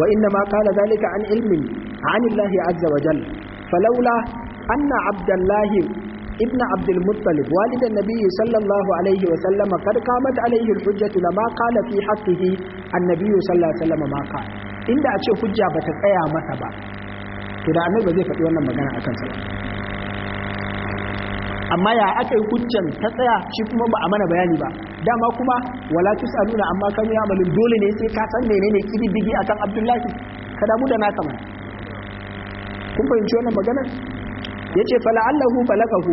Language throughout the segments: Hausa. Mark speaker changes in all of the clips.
Speaker 1: وإنما قال ذلك عن علم عن الله عز وجل فلولا أن عبد الله ابن عبد المطلب والد النبي صلى الله عليه وسلم قد قامت عليه الحجة لما قال في حقه النبي صلى الله عليه وسلم ما قال إن أتشي حجة بتقيا مثبا إذا أمر بذيك في وانا مغانا أكن سلام أما يا أكي حجة تقيا شكما بأمانا بياني بقى dama kuma wala tusaluna amma kan ya amalin dole ne sai ka san menene kididdigi akan abdullahi ka damu da naka mana kun fahimci wannan magana yace fala'allahu balagahu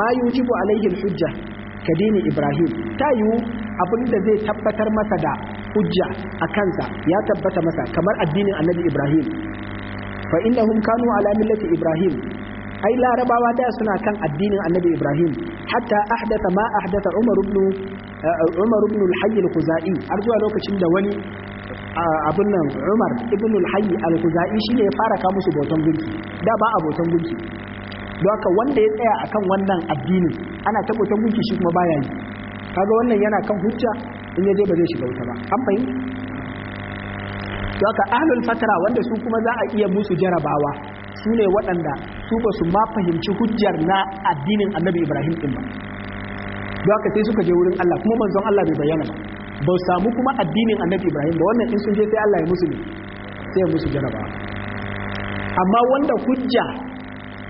Speaker 1: ma yujibu alaihi alhujja kadini ibrahim Ta abun da zai tabbatar masa da hujja a kansa ya tabbata masa kamar addinin annabi ibrahim fa innahum kanu ala millati ibrahim ai larabawa da suna kan addinin annabi ibrahim hatta ahdatha ma ahdatha umar ibn Umar ibn al-Hayy al-Khuzai har zuwa lokacin da wani abin nan Umar ibn al-Hayy al-Khuzai shine ya fara ka musu bautan gunki da ba a bautan gunki don haka wanda ya tsaya akan wannan addinin ana ta bautan gunki shi kuma baya yi kaga wannan yana kan hujja in yaje ba zai shiga wuta ba an fahimta don haka ahlul fatra wanda su kuma za a iya musu jarabawa su ne waɗanda su ba su ma fahimci hujjar na addinin annabi ibrahim ɗin ba da aka sai suka je wurin Allah kuma manzon Allah bai bayyana ba ba samu kuma addinin annabi Ibrahim da wannan in sun je sai Allah ya musu ne sai ya musu jaraba amma wanda hujja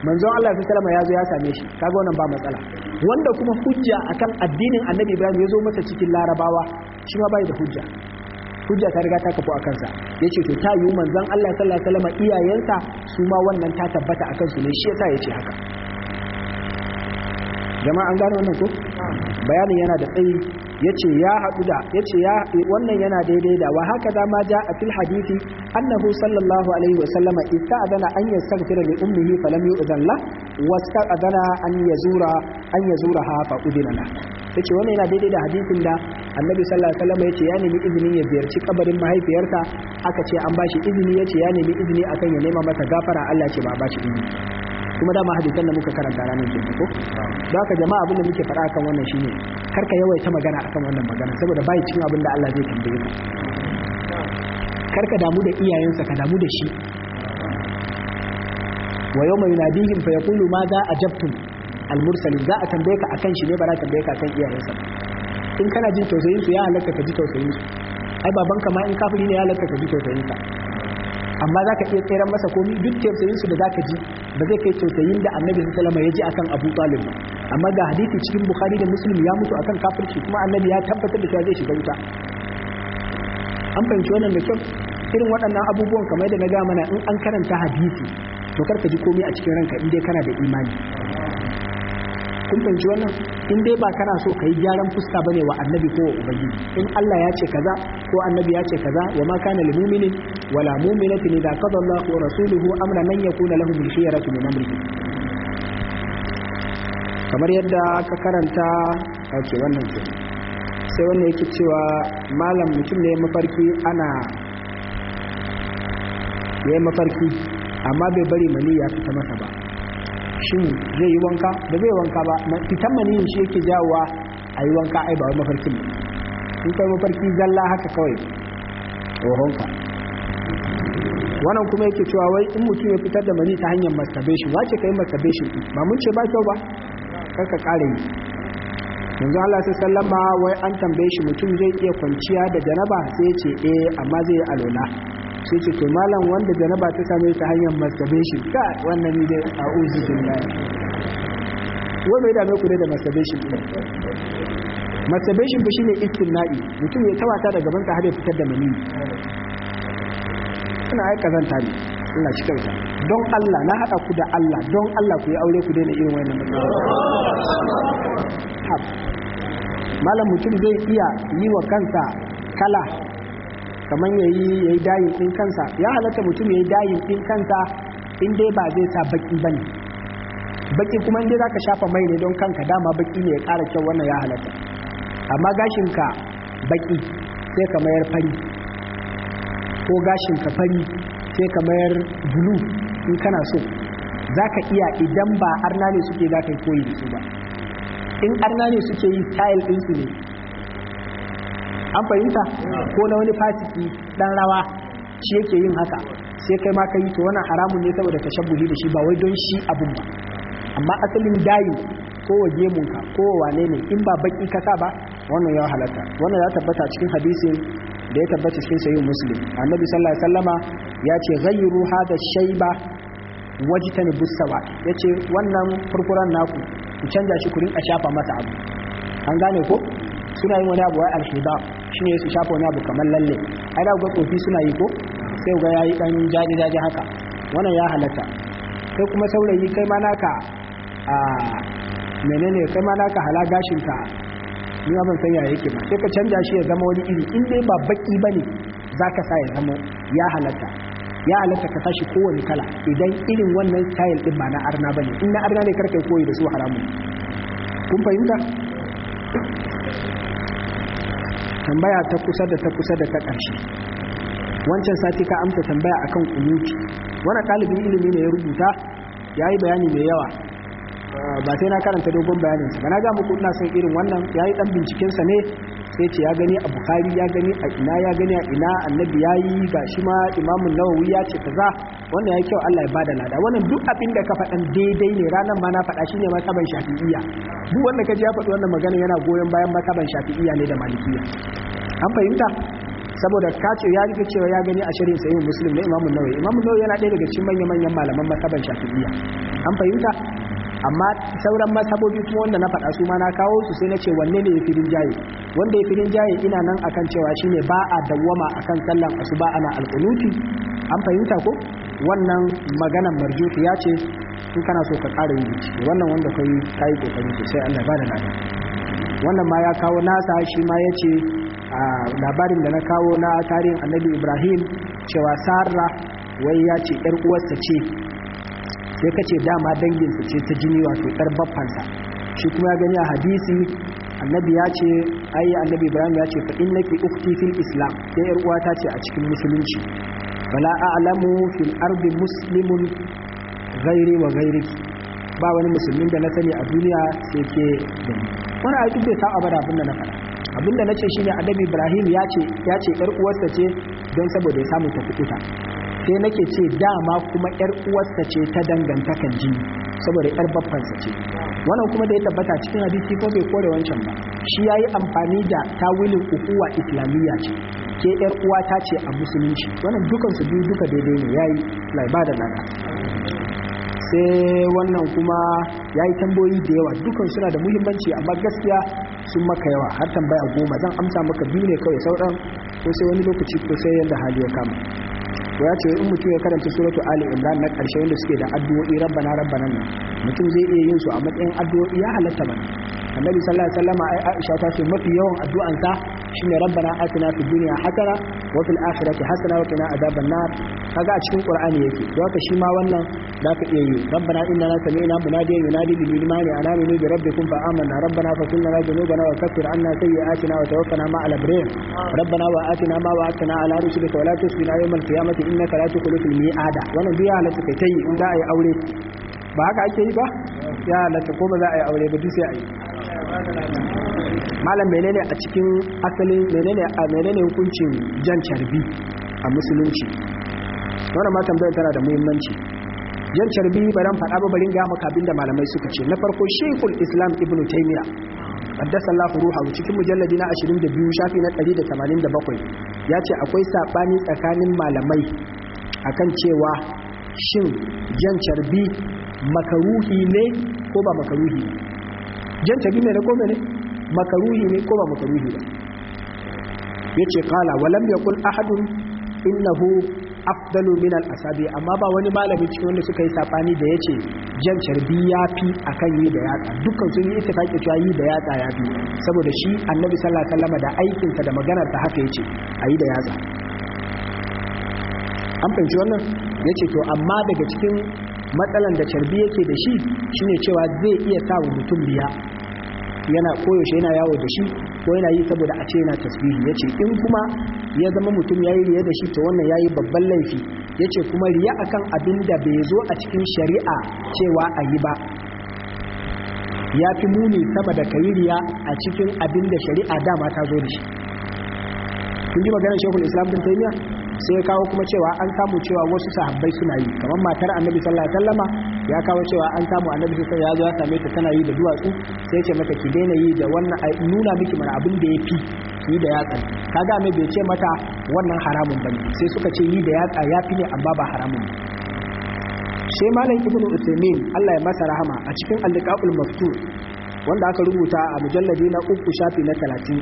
Speaker 1: manzon Allah sai salama ya zo ya same shi kaga wannan ba matsala wanda kuma hujja akan addinin annabi Ibrahim ya zo masa cikin larabawa shi ma bai da hujja hujja ta riga ta kafu a kansa ya ce to ta yi manzon Allah sallallahu alaihi wasallam iyayensa su ma wannan ta tabbata a kansu ne shi yasa ya ce haka jama'a an gane wannan ko bayanin yana da tsayi yace ya haɗu da yace ya wannan yana daidai da wa haka da ma ja a fil hadisi annahu sallallahu alaihi wasallam ista'dana an yastaghfira li ummihi falam yu'dan la wasta'dana an yazura an yazuraha fa udina la yace wannan yana daidai da hadisin da annabi sallallahu alaihi wasallam yace ya nemi izinin ya ziyarci kabarin mahaifiyarsa aka ce an bashi izini yace ya nemi izini akan ya nema mata gafara Allah ce ba bashi izini kuma dama hadisan da muka karanta ranar juma'a ko don ka jama'a abin da muke faɗa akan wannan shine kar ka yawaita magana akan wannan magana saboda bai cikin abin da Allah zai tambaye ka kar ka damu da iyayensa ka damu da shi wa yawma yunadihim fa yaqulu ma za ajabtum al mursalin za a tambaye ka akan shi ne ba za a tambaye ka akan iyayensa in kana jin tausayin su ya halaka ka ji tausayin su ai baban ka ma in kafiri ne ya halaka ka ji tausayin sa amma za ka iya tseren masa komi duk tausayin su da za ka ji ba zai kai tausayin da annabi sallallahu ya ji akan Abu Talib ba amma ga hadisi cikin Bukhari da Muslim ya mutu akan kafirci kuma annabi ya tabbatar da cewa zai shiga wuta an fahimci wannan da kyau irin waɗannan abubuwan kamar da na ga mana in an karanta hadisi to karka ji komai a cikin ranka in dai kana da imani kun fahimci wannan in dai ba kana so ka yi gyaran fuska bane wa annabi ko wa ubangiji in Allah ya ce kaza ko annabi ya ce kaza wa ma kana lil mu'minin wala mu'minatin idza qada Allah wa rasuluhu amran man yakuna lahu bil khiyarati min amrihi kamar yadda aka karanta ake wannan ke sai wannan yake cewa malam mutum ne mafarki ana ya mafarki amma bai bari mani ya fita masa ba shin zai yi wanka Da zai wanka ba fitan maniyin shi yake jawowa a yi wanka ai ba wai mafarkin ba in kai mafarki zalla haka kawai tsohonka wannan kuma yake cewa wai in mutum ya fitar da mani ta hanyar masturbation wace kai masturbation ba mun ce ba kyau ba karka kare yi yanzu Allah sai sallama wai an tambaye shi mutum zai iya kwanciya da janaba sai ya ce eh amma zai alola sai ce to malam wanda janaba ta same ta hanyar masturbation ka wannan ne dai a uzu billahi wai mai dame ku dai da masturbation din masturbation ba shine istinna'i mutum ya tawata da gaban sa har ya fitar da mani ina ai kazanta ne ina shi kansa don Allah na hada ku da Allah don Allah ku yi aure ku daina irin wannan malam mutum zai iya yi wa kansa kala kamar ya yi dayin kansa ya halatta mutum ya yi dayin kansa in dai ba zai sa baki ba ne baki kuma inda zaka shafa mai ne don kanka dama baki ne ya ƙara kyau wannan ya halatta amma gashinka baki sai ka mayar fari ko gashinka fari sai ka mayar bulu in kana so zaka iya idan ba arna ne suke zaka koyi su ba in arna ne suke yi style su ne an fahimta ko na wani fasiki dan rawa shi yake yin haka sai kai ma ka yi to wannan haramun ne saboda tashabbuhi da shi ba wai don shi abun ba amma asalin dayi ko gemun ka ko wane ne in ba baki ka sa ba wannan ya halatta wannan ya tabbata cikin hadisin da ya tabbata cikin sahih muslim annabi sallallahu alaihi wasallama ya ce ghayru hada shayba wajtani busawa ya ce wannan furfuran naku ku canja shi ku rinka shafa masa abu an gane ko suna yin wani abu wai alhiba shine su shafa wani abu kamar lalle ai da ga tsofi suna yi ko sai ga yayi dan jaji jaji haka wannan ya halatta kai kuma saurayi kai ma naka a menene sai ma naka hala gashin ka ni ma ban san yaya yake ba sai ka canja shi ya zama wani iri in dai ba baki bane zaka sa ya zama ya halatta ya halatta ka sashi kowane kala idan irin wannan style din ba na arna bane in na arna ne karkai koyi da su haramun kun fahimta tambaya ta kusa da ta kusa da ta ƙarshe wancan sati ka amsa tambaya akan kunuti wani ɗalibin ilimi ne ya rubuta ya yi bayani mai yawa Eh, ba sai na karanta dogon bayanin ba na ga muku ina son irin wannan yayi dan binciken sa ne sai ce ya gani a Bukhari ya gani a ina ya gani a ina annabi yayi gashi ma Imam Nawawi ya ce kaza wannan yayi kyau Allah ya bada lada wannan duk abin da ka faɗan daidai ne ranan ma na faɗa shine makaban Shafi'iyya duk wanda kaje ya faɗi wannan magana yana goyon bayan makaban Shafi'iyya ne da Malikiya an fahimta saboda ka ce ya rike cewa ya gani a shirin sayin Musulmi na imamun nawawi imamun nawawi yana ɗaya daga cikin manya-manyan malaman masaban shafi'iyya an fahimta amma sauran masabobi kuma wanda na faɗa su ma na kawo su sai na ce wanne ne yafi rinjaye wanda yafi rinjaye ina nan akan cewa shine ba a dawwama akan sallan asuba ana alqunuti an fahimta ko wannan maganan marjuti ya ce in kana so ka ƙara yi wannan wanda kai kai kokari sai Allah ba da lafiya wannan ma ya kawo nasa shi ma yace a labarin da na kawo na tarihin Annabi Ibrahim cewa Sarah wai ya ce ƴar uwarsa ce sai kace dama dangin su ce ta jini wato yar baffansa shi kuma ya gani a hadisi annabi ya ce ayi annabi Ibrahim ya ce fa innaki ukhti fil islam sai yar uwata ce a cikin musulunci bala a'lamu fil ardi muslimun ghairi wa ghairiki ba wani musulmin da na sani a duniya sai ke da ni wani aiki bai saba abada abinda abin da na faɗa abin da na ce shine annabi Ibrahim ya ce ya ce yar uwarsa ce don saboda ya samu ta kukuta sai nake ce dama kuma yar uwarsa ce ta dangantakan jini saboda yar babbansa ce wannan kuma da ya tabbata cikin hadisi ko bai kore wancan ba shi yayi amfani da tawilin ukuwa islamiyya ce ke yar uwa ta ce a musulunci wannan dukan su biyu duka daidai ne yayi ba da lada sai wannan kuma yayi tamboyi da yawa dukan suna da muhimmanci amma gaskiya sun maka yawa har tambaya goma zan amsa maka biyu ne kawai sauran ko sai wani lokaci ko sai yanda hali ya kama to ya ce in mutum ya karanta suratu ali imran na karshe wanda suke da addu'o'i rabbana rabbana nan mutum zai iya yin su a matsayin addu'o'i ya halatta ba annabi sallallahu alaihi wasallam ai aisha ta ce mafi yawan addu'ansa shine rabbana atina fid dunya hasana wa fil akhirati hasana wa qina adhaban na kaga a cikin qur'ani yake don haka shi ma wannan ka iya yi rabbana innana sami'na munadiyan yunadi bil imani ana aminu bi rabbikum fa amanna rabbana fa kunna la gana wa kaffir anna sayyi'atina wa tawaffana ma al abrar rabbana wa atina ma wa wa'adtana ala rusulika wa la tusbina yawmal qiyamati innaka la tukhliful ada. wannan biya halatta kai tayi in za a yi aure ba haka ake yi ba ya halatta ko ba za a yi aure ba duk sai a yi malam menene a cikin asalin menene a menene hukuncin jan carbi a musulunci wannan ma tambayar tana da muhimmanci jan carbi bayan faɗa ba barin ga maka abinda malamai suka ce na farko shaykhul islam ibnu taymiya haddasa Allah ruha cikin mujalladi na 22 shafi na 187 ya ce akwai sabani tsakanin malamai akan cewa shin jan carbi makaruhi ne ko ba makaruhi jan carbi ne ko ne makaruhi ne ko ba makaruhi ba yace qala lam yakul ahadun innahu afdalu min al-asabi amma ba wani malami cikin wanda suka yi saɓani da yace jan charbi yafi akan yi da yatsa dukkan sun yi ittifaki cewa yi da yatsa yafi saboda shi annabi sallallahu alaihi wasallam da aikin sa da maganar sa haka yace ayi da yatsa an fahimci wannan yace to amma daga cikin matsalan da charbi yake da shi shine cewa zai iya sa mutum biya yana koyaushe yana yawo da shi ko yana yi saboda a ce yana tasbihi yace in kuma ya zama mutum yayi riya da shi to wannan yayi babban laifi yace kuma riya akan abin da bai zo a cikin shari'a cewa a yi ba ya fi muni sama da kayi riya a cikin abin da shari'a dama ta zo da shi kun ji maganar shekul islam bin taimiya sai ya kawo kuma cewa an samu cewa wasu sahabbai suna yi kamar matar annabi sallallahu alaihi wasallama ya kawo cewa an samu annabi sai ya zo ya same ta tana yi da duwatsu sai ya ce mata ki daina yi da wannan ai nuna miki mana abin da yafi ki da yatsa. kaga mai bai ce mata wannan haramun bane sai suka ce yi da yatsa yafi ne amma ba haramun sai malam ibnu usaimin Allah ya masa rahama a cikin al-liqaul maftur wanda aka rubuta a mujalladi na uku shafi na talatin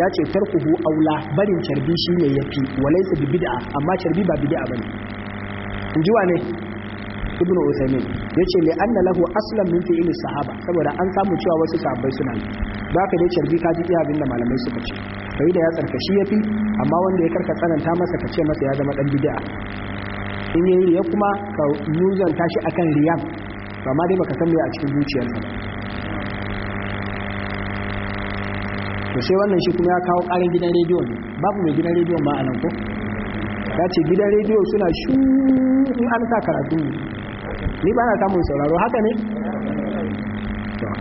Speaker 1: ya ce tarkuhu aula barin carbi shi ne ya walaisa bi bid'a amma carbi ba bid'a ba ne in ji ne, Ibnu usaimin yace li anna lahu aslan min fi'li sahaba saboda an samu cewa wasu sahabbai suna yi ba ka dai carbi ka ji abin da malamai suka ce kai da ya tsarkashi yafi amma wanda ya karka tsananta masa ka ce masa ya zama dan bid'a in yayi riya kuma ka nuzan tashi akan riyan ba ma dai baka san me a cikin zuciyarsa to sai wannan shi kuma ya kawo karin gidan rediyo ne babu mai gidan rediyon ma a nan ko ya ce gidan rediyo suna shu in an sa karatu ni ba na samun sauraro haka ne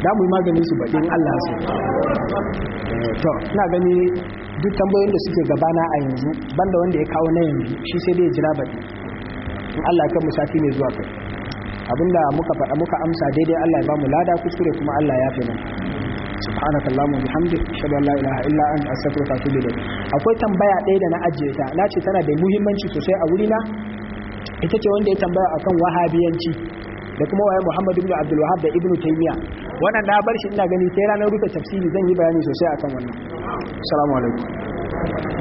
Speaker 1: damu mu yi maganin su bakin Allah su eh, to ina gani duk tambayoyin da suke gabana a yanzu banda wanda ya kawo na yanzu shi sai dai jira baki in Allah kan mu sati ne zuwa kai abinda muka faɗa muka amsa daidai Allah ya mu lada kuskure kuma Allah ya fi nan subhanaka allahumma akwai tambaya ɗaya da na ajiye ta ce tana da muhimmanci sosai a wurina ita ce wanda ya tambaya akan wahabiyanci da kuma waye Muhammad ibn Abdul wahab da Ibn taymiya wannan na bar shi ina gani sai ranar rufe tafsiri zan yi bayani sosai akan wannan assalamu alaikum